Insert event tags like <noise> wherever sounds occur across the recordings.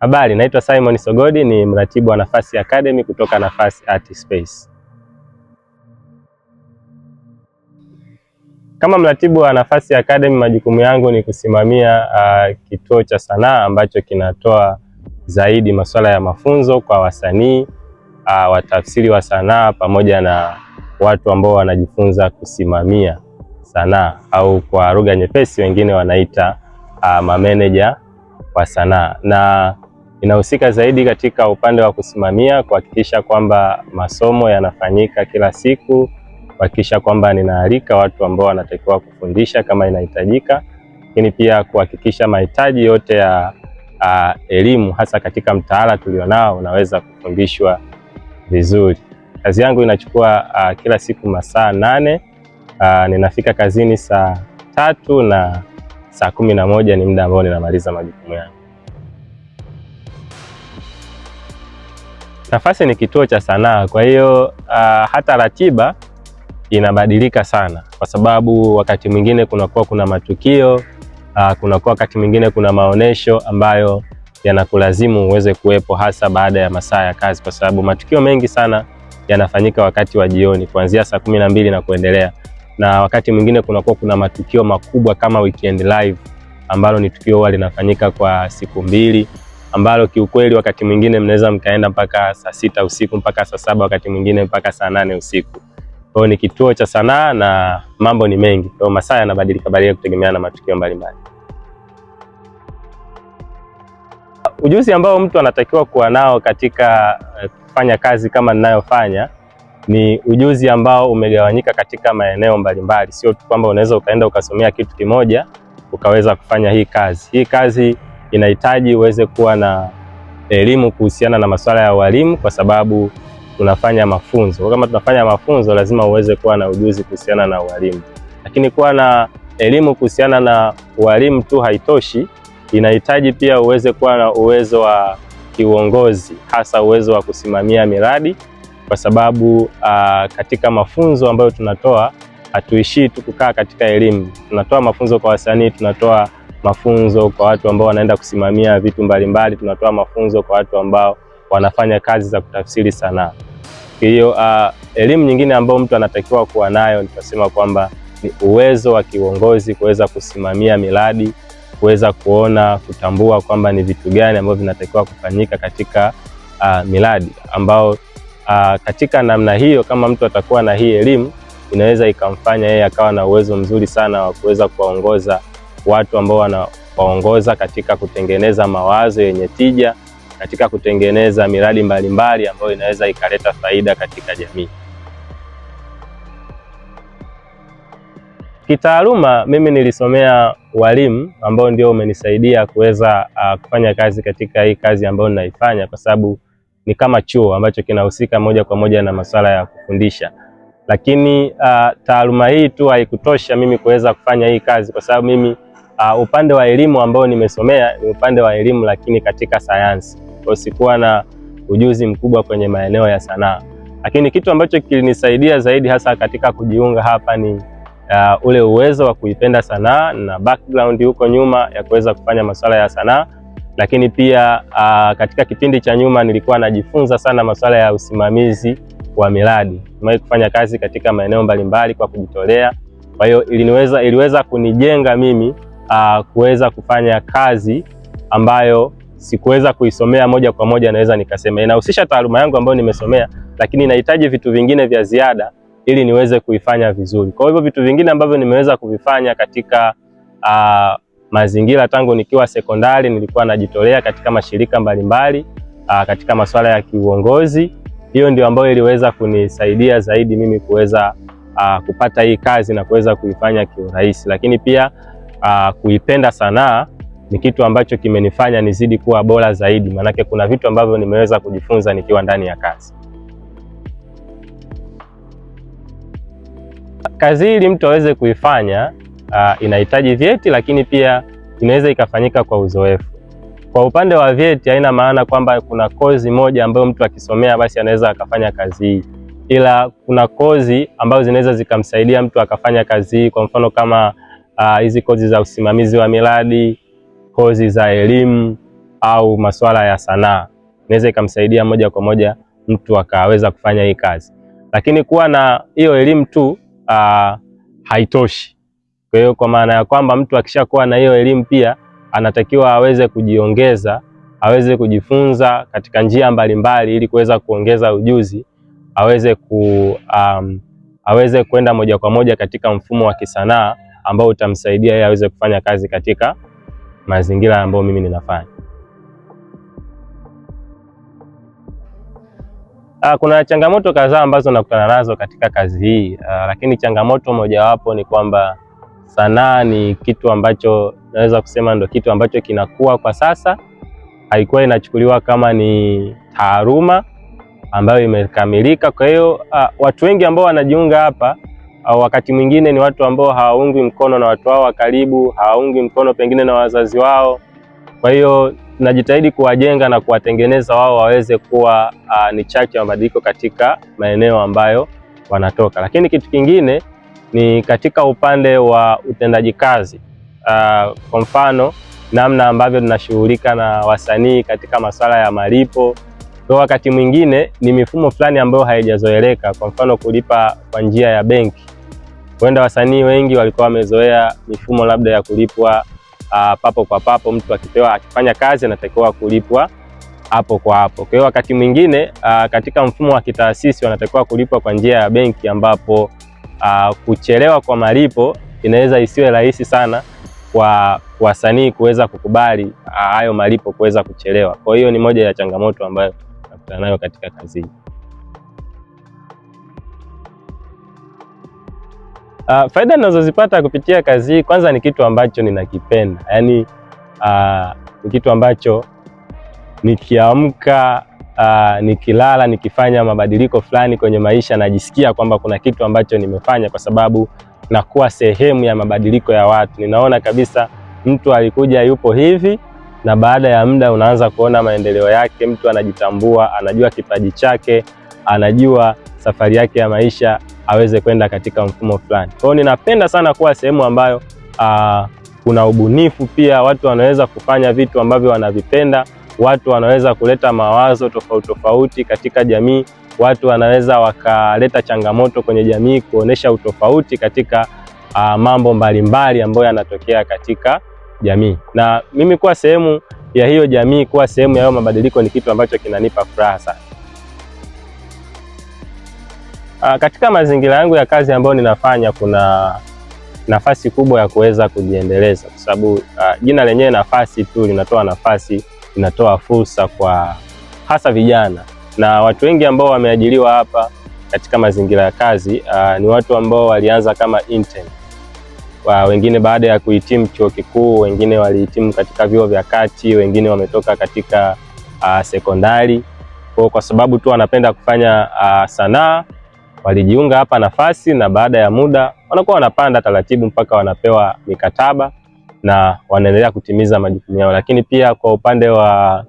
Habari, naitwa Simon Sogodi, ni mratibu wa Nafasi Academy kutoka Nafasi Art Space. Kama mratibu wa Nafasi Academy, majukumu yangu ni kusimamia uh, kituo cha sanaa ambacho kinatoa zaidi masuala ya mafunzo kwa wasanii uh, watafsiri wa sanaa pamoja na watu ambao wanajifunza kusimamia sanaa au kwa lugha nyepesi wengine wanaita uh, mameneja wa sanaa na inahusika zaidi katika upande wa kusimamia, kuhakikisha kwamba masomo yanafanyika kila siku, kuhakikisha kwamba ninaalika watu ambao wanatakiwa kufundisha kama inahitajika, lakini pia kuhakikisha mahitaji yote ya a, elimu hasa katika mtaala tulionao unaweza kufundishwa vizuri. Kazi yangu inachukua a, kila siku masaa nane. A, ninafika kazini saa tatu na saa kumi na moja ni muda ambao ninamaliza majukumu yangu. Safasi ni kituo cha sanaa, kwa hiyo uh, hata ratiba inabadilika sana, kwa sababu wakati mwingine kunakuwa kuna matukio uh, kunakuwa wakati mwingine kuna maonesho ambayo yanakulazimu uweze kuwepo, hasa baada ya masaa ya kazi, kwa sababu matukio mengi sana yanafanyika wakati wa jioni kuanzia saa kumi na mbili na kuendelea, na wakati mwingine kunakuwa kuna matukio makubwa kama weekend live ambalo ni tukio huwa linafanyika kwa siku mbili ambalo kiukweli wakati mwingine mnaweza mkaenda mpaka saa sita usiku mpaka saa saba wakati mwingine mpaka saa nane usiku. Kwa hiyo ni kituo cha sanaa na mambo ni mengi, kwa masaa yanabadilika badilika kutegemeana na matukio mbalimbali. Ujuzi ambao mtu anatakiwa kuwa nao katika eh, kufanya kazi kama ninayofanya ni ujuzi ambao umegawanyika katika maeneo mbalimbali, sio tu kwamba unaweza ukaenda ukasomea kitu kimoja ukaweza kufanya hii kazi. Hii kazi inahitaji uweze kuwa na elimu kuhusiana na masuala ya walimu, kwa sababu tunafanya mafunzo. Kama tunafanya mafunzo, lazima uweze kuwa na ujuzi kuhusiana na walimu. lakini kuwa na elimu kuhusiana na walimu tu haitoshi, inahitaji pia uweze kuwa na uwezo wa kiuongozi, hasa uwezo wa kusimamia miradi, kwa sababu aa, ah, katika mafunzo ambayo tunatoa hatuishii tu kukaa katika elimu. Tunatoa mafunzo kwa wasanii, tunatoa mafunzo kwa watu ambao wanaenda kusimamia vitu mbalimbali, tunatoa mafunzo kwa watu ambao wanafanya kazi za kutafsiri sanaa. Hiyo uh, elimu nyingine ambayo mtu anatakiwa kuwa nayo nitasema kwamba ni uwezo wa kiuongozi kuweza kusimamia miradi, kuweza kuona, kutambua kwamba ni vitu gani ambavyo vinatakiwa kufanyika katika uh, miradi ambao uh, katika namna hiyo, kama mtu atakuwa na hii elimu inaweza ikamfanya yeye akawa na uwezo mzuri sana wa kuweza kuwaongoza watu ambao wanawaongoza katika kutengeneza mawazo yenye tija, katika kutengeneza miradi mbalimbali ambayo inaweza ikaleta faida katika jamii. Kitaaluma mimi nilisomea walimu ambao ndio umenisaidia kuweza uh, kufanya kazi katika hii kazi ambayo ninaifanya, kwa sababu ni kama chuo ambacho kinahusika moja kwa moja na masuala ya kufundisha. Lakini uh, taaluma hii tu haikutosha mimi kuweza kufanya hii kazi, kwa sababu mimi Uh, upande wa elimu ambao nimesomea ni upande wa elimu, lakini katika sayansi, kwa sikuwa na ujuzi mkubwa kwenye maeneo ya sanaa, lakini kitu ambacho kilinisaidia zaidi hasa katika kujiunga hapa ni uh, ule uwezo wa kuipenda sanaa na background huko nyuma ya kuweza kufanya masuala ya sanaa, lakini pia uh, katika kipindi cha nyuma nilikuwa najifunza sana masuala ya usimamizi wa miradi. Nimewahi kufanya kazi katika maeneo mbalimbali kwa kujitolea, kwa hiyo iliweza kunijenga mimi uh, kuweza kufanya kazi ambayo sikuweza kuisomea moja kwa moja, naweza nikasema inahusisha taaluma yangu ambayo nimesomea, lakini inahitaji vitu vingine vya ziada ili niweze kuifanya vizuri. Kwa hivyo vitu vingine ambavyo nimeweza kuvifanya katika uh, mazingira tangu nikiwa sekondari, nilikuwa najitolea katika mashirika mbalimbali uh, katika masuala ya kiuongozi. Hiyo ndio ambayo iliweza kunisaidia zaidi mimi kuweza uh, kupata hii kazi na kuweza kuifanya kiurahisi, lakini pia uh, kuipenda sanaa ni kitu ambacho kimenifanya nizidi kuwa bora zaidi, maanake kuna vitu ambavyo nimeweza kujifunza nikiwa ndani ya kazi. Kazi ili mtu aweze kuifanya uh, inahitaji vyeti, lakini pia inaweza ikafanyika kwa uzoefu. Kwa upande wa vyeti, haina maana kwamba kuna kozi moja ambayo mtu akisomea basi anaweza akafanya kazi hii, ila kuna kozi ambazo zinaweza zikamsaidia mtu akafanya kazi hii, kwa mfano kama Ah, hizi uh, kozi za usimamizi wa miradi, kozi za elimu au masuala ya sanaa, inaweza ikamsaidia moja kwa moja mtu akaweza kufanya hii kazi, lakini kuwa na hiyo elimu tu uh, haitoshi. Kwa hiyo kwa maana ya kwamba mtu akishakuwa na hiyo elimu pia anatakiwa aweze kujiongeza, aweze kujifunza katika njia mbalimbali mbali, ili kuweza kuongeza ujuzi, aweze ku um, aweze kwenda moja kwa moja katika mfumo wa kisanaa ambao utamsaidia yeye aweze kufanya kazi katika mazingira ambayo mimi ninafanya. Ah, kuna changamoto kadhaa ambazo nakutana nazo katika kazi hii, ah, lakini changamoto mojawapo ni kwamba sanaa ni kitu ambacho naweza kusema ndo kitu ambacho kinakuwa kwa sasa. Haikuwa inachukuliwa kama ni taaluma ambayo imekamilika. Kwa hiyo ah, watu wengi ambao wanajiunga hapa Wakati mwingine ni watu ambao hawaungwi mkono na watu wao wa karibu, hawaungwi mkono pengine na wazazi wao. Kwa hiyo najitahidi kuwajenga na kuwatengeneza wao waweze kuwa uh, ni chachu ya mabadiliko katika maeneo ambayo wanatoka. Lakini kitu kingine ni katika upande wa utendaji kazi uh, kwa mfano namna ambavyo tunashughulika na wasanii katika masuala ya malipo. Kwa wakati mwingine ni mifumo fulani ambayo haijazoeleka, kwa mfano kulipa kwa njia ya benki Huenda wasanii wengi walikuwa wamezoea mifumo labda ya kulipwa uh, papo kwa papo. Mtu akipewa akifanya kazi anatakiwa kulipwa hapo kwa hapo. Kwa hiyo wakati mwingine uh, katika mfumo wa kitaasisi wanatakiwa kulipwa kwa njia ya benki, ambapo uh, kuchelewa kwa malipo inaweza isiwe rahisi sana kwa wasanii kuweza kukubali hayo malipo kuweza kuchelewa. Kwa hiyo ni moja ya changamoto ambayo nakutana nayo katika kazi hii. Uh, faida ninazozipata kupitia kazi hii, kwanza ni kitu ambacho ninakipenda, yaani uh, ni kitu ambacho nikiamka uh, nikilala nikifanya mabadiliko fulani kwenye maisha, najisikia kwamba kuna kitu ambacho nimefanya, kwa sababu nakuwa sehemu ya mabadiliko ya watu. Ninaona kabisa mtu alikuja yupo hivi, na baada ya muda unaanza kuona maendeleo yake, mtu anajitambua, anajua kipaji chake anajua safari yake ya maisha aweze kwenda katika mfumo fulani. Kwa hiyo ninapenda sana kuwa sehemu ambayo aa, ah, kuna ubunifu pia, watu wanaweza kufanya vitu ambavyo wanavipenda, watu wanaweza kuleta mawazo tofauti tofauti katika jamii, watu wanaweza wakaleta changamoto kwenye jamii, kuonesha utofauti katika aa, ah, mambo mbalimbali ambayo yanatokea katika jamii. Na mimi kuwa sehemu ya hiyo jamii, kuwa sehemu ya hiyo mabadiliko ni kitu ambacho kinanipa furaha sana. Ah, katika mazingira yangu ya kazi ambayo ninafanya kuna nafasi kubwa ya kuweza kujiendeleza kwa sababu uh, jina lenyewe nafasi tu linatoa nafasi, linatoa fursa kwa hasa vijana na watu wengi ambao wameajiriwa hapa katika mazingira ya kazi uh, ni watu ambao walianza kama intern wa, wengine baada ya kuhitimu chuo kikuu, wengine walihitimu katika vyuo vya kati, wengine wametoka katika uh, sekondari kwa, kwa sababu tu wanapenda kufanya uh, sanaa walijiunga hapa nafasi, na baada ya muda wanakuwa wanapanda taratibu mpaka wanapewa mikataba na wanaendelea kutimiza majukumu yao. Lakini pia kwa upande wa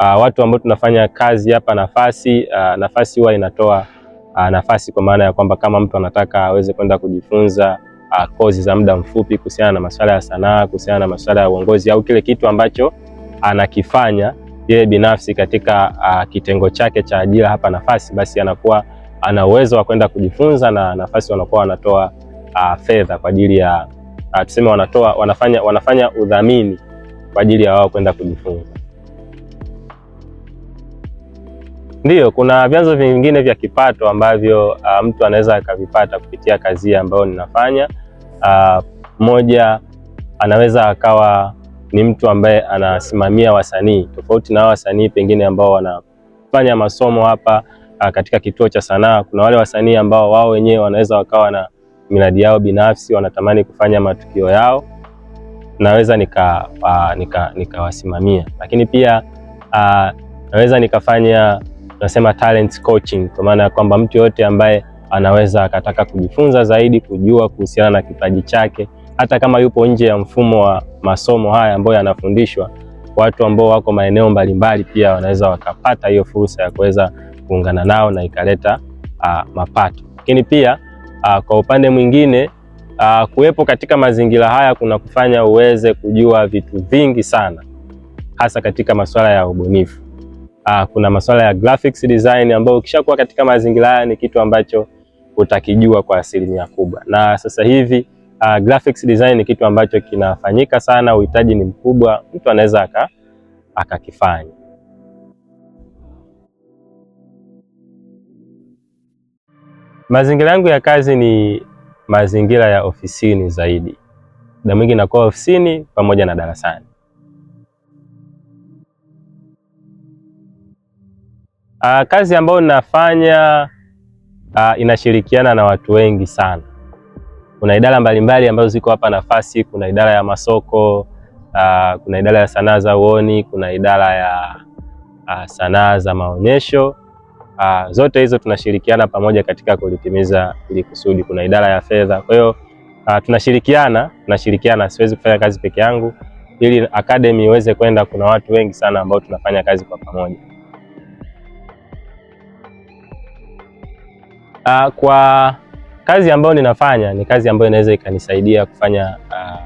uh, watu ambao tunafanya kazi hapa nafasi, uh, nafasi huwa inatoa uh, nafasi kwa maana ya kwamba kama mtu anataka aweze kwenda kujifunza uh, kozi za muda mfupi kuhusiana na masuala ya sanaa, kuhusiana na masuala ya uongozi au kile kitu ambacho anakifanya yeye binafsi katika uh, kitengo chake cha ajira hapa nafasi, basi anakuwa ana uwezo wa kwenda kujifunza na nafasi wanakuwa wanatoa uh, fedha kwa ajili ya uh, tuseme wanatoa wanafanya, wanafanya udhamini kwa ajili ya wao kwenda kujifunza. Ndiyo, kuna vyanzo vingine vya kipato ambavyo uh, mtu anaweza akavipata kupitia kazi ambayo ninafanya. Uh, moja anaweza akawa ni mtu ambaye anasimamia wasanii tofauti na wasanii pengine ambao wanafanya masomo hapa Ah, katika kituo cha sanaa, kuna wale wasanii ambao wao wenyewe wanaweza wakawa na miradi yao binafsi, wanatamani kufanya matukio yao, naweza ah, nikawasimamia nika, nika lakini pia uh, naweza nikafanya tunasema talent coaching, kwa maana ya kwamba mtu yoyote ambaye anaweza akataka kujifunza zaidi, kujua kuhusiana na kipaji chake, hata kama yupo nje ya mfumo wa masomo haya ambayo yanafundishwa, watu ambao wako maeneo mbalimbali pia wanaweza wakapata hiyo fursa ya kuweza kuungana nao na ikaleta uh, mapato. Lakini pia uh, kwa upande mwingine uh, kuwepo katika mazingira haya kuna kufanya uweze kujua vitu vingi sana, hasa katika masuala ya ubunifu. Uh, kuna masuala ya graphics design ambayo ukishakuwa katika mazingira haya ni kitu ambacho utakijua kwa asilimia kubwa, na sasa hivi uh, graphics design ni kitu ambacho kinafanyika sana, uhitaji ni mkubwa, mtu anaweza akakifanya. Mazingira yangu ya kazi ni mazingira ya ofisini zaidi, muda mwingi nakuwa ofisini pamoja na darasani. Uh, kazi ambayo ninafanya ah, inashirikiana na watu wengi sana. Kuna idara mbalimbali ambazo ziko hapa nafasi, kuna idara ya masoko uh, kuna idara ya sanaa za uoni, kuna idara ya sanaa za maonyesho Uh, zote hizo tunashirikiana pamoja katika kulitimiza ili kusudi. Kuna idara ya fedha, kwa hiyo uh, tunashirikiana tunashirikiana, siwezi kufanya kazi peke yangu. Ili academy iweze kwenda, kuna watu wengi sana ambao tunafanya kazi kwa pamoja. Uh, kwa kazi ambayo ninafanya ni kazi ambayo inaweza ikanisaidia kufanya uh,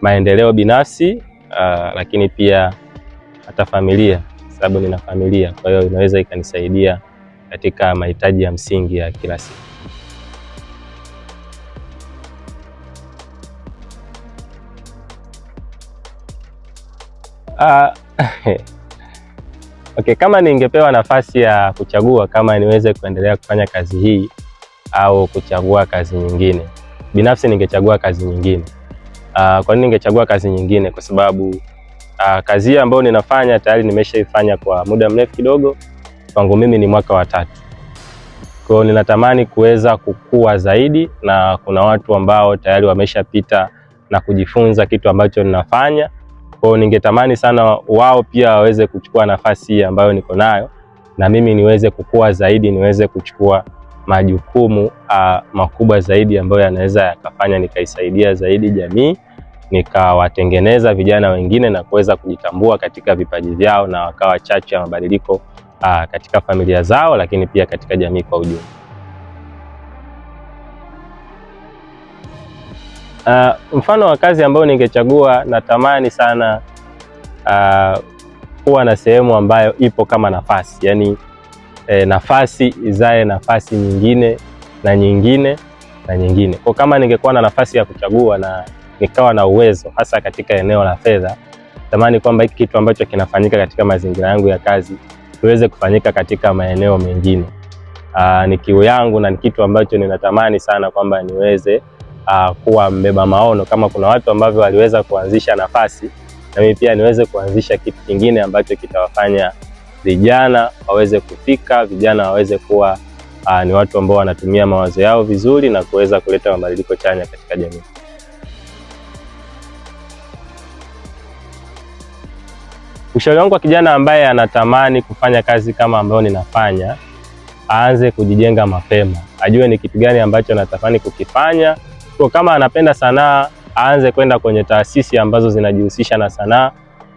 maendeleo binafsi uh, lakini pia hata familia sababu nina familia, kwa hiyo inaweza ikanisaidia katika mahitaji ya msingi ya kila siku. Ah, <laughs> okay, kama ningepewa nafasi ya kuchagua kama niweze kuendelea kufanya kazi hii au kuchagua kazi nyingine, binafsi ningechagua kazi nyingine. Ah, kwa nini ningechagua kazi nyingine? Kwa sababu Aa, ah, kazi hii ambayo ninafanya tayari nimeshaifanya kwa muda mrefu kidogo, kwangu mimi ni mwaka wa tatu. Kwa hiyo ninatamani kuweza kukua zaidi, na kuna watu ambao tayari wameshapita na kujifunza kitu ambacho ninafanya. Kwa hiyo ningetamani sana wao pia waweze kuchukua nafasi hii ambayo niko nayo, na mimi niweze kukua zaidi, niweze kuchukua majukumu aa, ah, makubwa zaidi ambayo yanaweza yakafanya nikaisaidia zaidi jamii nikawatengeneza vijana wengine na kuweza kujitambua katika vipaji vyao na wakawa chachu ya mabadiliko ah, katika familia zao, lakini pia katika jamii kwa ujumla. Uh, mfano wa kazi ambayo ningechagua, natamani sana uh, kuwa na sehemu ambayo ipo kama nafasi, yaani eh, nafasi izae nafasi nyingine na nyingine na nyingine. Kwa kama ningekuwa na nafasi ya kuchagua na nikawa na uwezo hasa katika eneo la fedha, tamani kwamba hiki kitu ambacho kinafanyika katika mazingira yangu ya kazi kiweze kufanyika katika maeneo mengine. Aa, ah, ni kiu yangu na ni kitu ambacho ninatamani sana kwamba niweze aa, ah, kuwa mbeba maono. Kama kuna watu ambavyo waliweza kuanzisha nafasi, na mimi pia niweze kuanzisha kitu kingine ambacho kitawafanya vijana waweze kufika, vijana waweze kuwa aa, ah, ni watu ambao wanatumia mawazo yao vizuri na kuweza kuleta mabadiliko chanya katika jamii. Ushauri wangu kwa kijana ambaye anatamani kufanya kazi kama ambayo ninafanya, aanze kujijenga mapema, ajue ni kitu gani ambacho anatamani kukifanya. Kwa kama anapenda sanaa, aanze kwenda kwenye taasisi ambazo zinajihusisha na sanaa,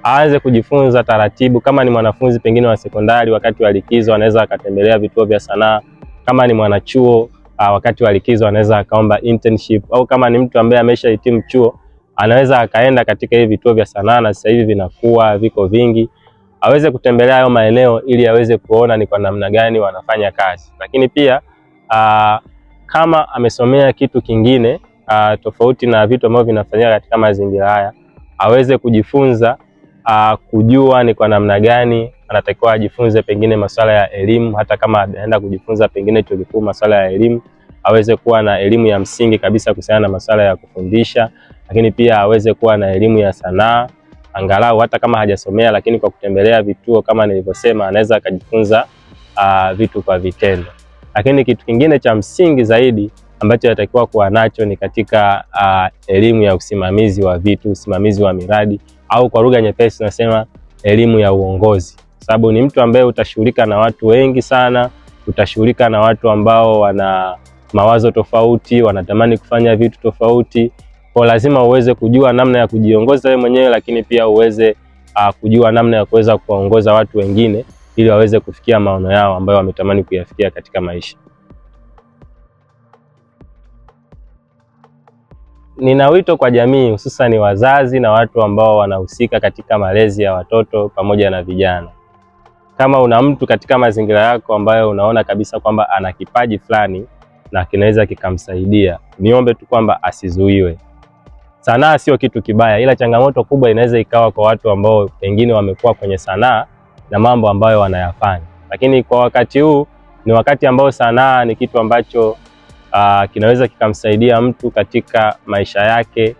aanze kujifunza taratibu. Kama ni mwanafunzi pengine wa sekondari, wakati wa likizo anaweza akatembelea vituo vya sanaa. Kama ni mwanachuo, ah, wakati wa likizo anaweza akaomba internship, au kama ni mtu ambaye ameshahitimu chuo anaweza akaenda katika hivi vituo vya sanaa, na sasa hivi vinakuwa viko vingi, aweze kutembelea hayo maeneo ili aweze kuona ni kwa namna gani wanafanya kazi. Lakini pia aa, ah, kama amesomea kitu kingine aa, ah, tofauti na vitu ambavyo vinafanyika katika mazingira haya, aweze kujifunza aa, ah, kujua ni kwa namna gani anatakiwa ajifunze pengine masuala ya elimu, hata kama anaenda kujifunza pengine chuo kikuu masuala ya elimu aweze kuwa na elimu ya msingi kabisa kuhusiana na masuala ya kufundisha, lakini pia aweze kuwa na elimu ya sanaa angalau hata kama hajasomea, lakini kwa kutembelea vituo kama nilivyosema, anaweza akajifunza uh, vitu kwa vitendo. Lakini kitu kingine cha msingi zaidi ambacho anatakiwa kuwa nacho ni katika uh, elimu ya usimamizi wa vitu, usimamizi wa miradi, au kwa lugha nyepesi tunasema elimu ya uongozi, sababu ni mtu ambaye utashughulika na watu wengi sana, utashughulika na watu ambao wana mawazo tofauti, wanatamani kufanya vitu tofauti. Kwa lazima uweze kujua namna ya kujiongoza wewe mwenyewe, lakini pia uweze uh, kujua namna ya kuweza kuwaongoza watu wengine ili waweze kufikia maono yao ambayo wametamani kuyafikia katika maisha. Nina wito kwa jamii, hususani wazazi na watu ambao wanahusika katika malezi ya watoto pamoja na vijana. Kama una mtu katika mazingira yako ambayo unaona kabisa kwamba ana kipaji fulani na kinaweza kikamsaidia. Niombe tu kwamba asizuiwe. Sanaa sio kitu kibaya, ila changamoto kubwa inaweza ikawa kwa watu ambao pengine wamekuwa kwenye sanaa na mambo ambayo wanayafanya, lakini kwa wakati huu ni wakati ambao sanaa ni kitu ambacho aa, ah, kinaweza kikamsaidia mtu katika maisha yake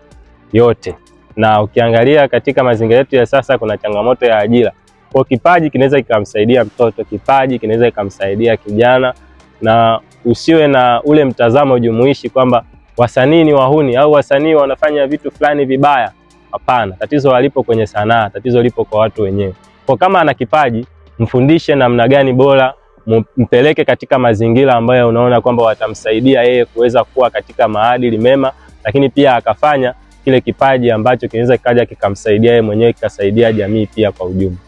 yote. Na ukiangalia katika mazingira yetu ya sasa, kuna changamoto ya ajira. Kwa kipaji kinaweza kikamsaidia mtoto, kipaji kinaweza kikamsaidia kijana na usiwe na ule mtazamo jumuishi kwamba wasanii ni wahuni au wasanii wanafanya vitu fulani vibaya. Hapana, tatizo halipo kwenye sanaa, tatizo lipo kwa watu wenyewe. Kwa kama ana kipaji, mfundishe namna gani bora, mpeleke katika mazingira ambayo unaona kwamba watamsaidia yeye kuweza kuwa katika maadili mema, lakini pia akafanya kile kipaji ambacho kinaweza kikaja kikamsaidia yeye mwenyewe kikasaidia jamii pia kwa ujumla.